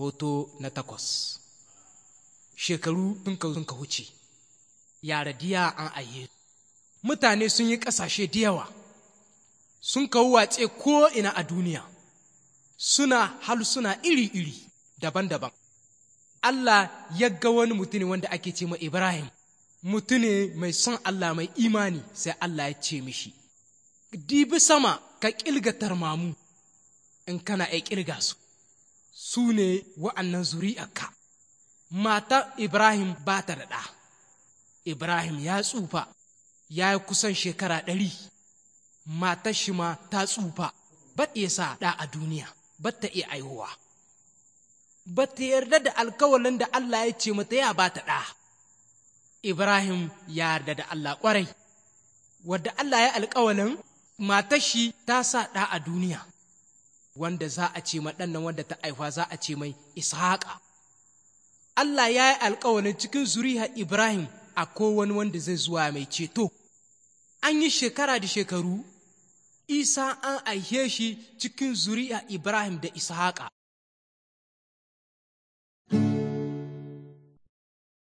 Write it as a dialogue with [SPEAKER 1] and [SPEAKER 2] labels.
[SPEAKER 1] hoto na takwas shekaru in ka sun ka wuce yara diya an aye mutane sun yi ƙasashe da yawa sun ka watse ko'ina a duniya suna suna iri-iri daban-daban Allah ya ga wani mutune wanda ake ce ma Ibrahim mutune mai son Allah mai imani sai Allah ya ce mishi dibi sama ka ƙilga tarmamu in kana ya ƙirga su su ne wa'annan zuri'arka matar ibrahim ba ta da ɗa ibrahim ya tsufa ya yi kusan shekara ɗari matar shi ma ta tsufa ba ta sa ɗa a duniya ba ta iya aihuwa ba ta yarda da alkawalin da allah ya ce mata ya ba ta ɗa ibrahim ya yarda da allah ƙwarai wadda allah ya alkawalin matar shi ta sa ɗa a duniya wanda za a ce ma ɗannan wanda ta aifa za a ce mai ishaƙa Allah ya yi alƙawarin cikin zuriya Ibrahim a kowane wanda zai zuwa mai ceto an yi shekara da shekaru Isa an aihe shi cikin zuri'a Ibrahim da Ishaƙa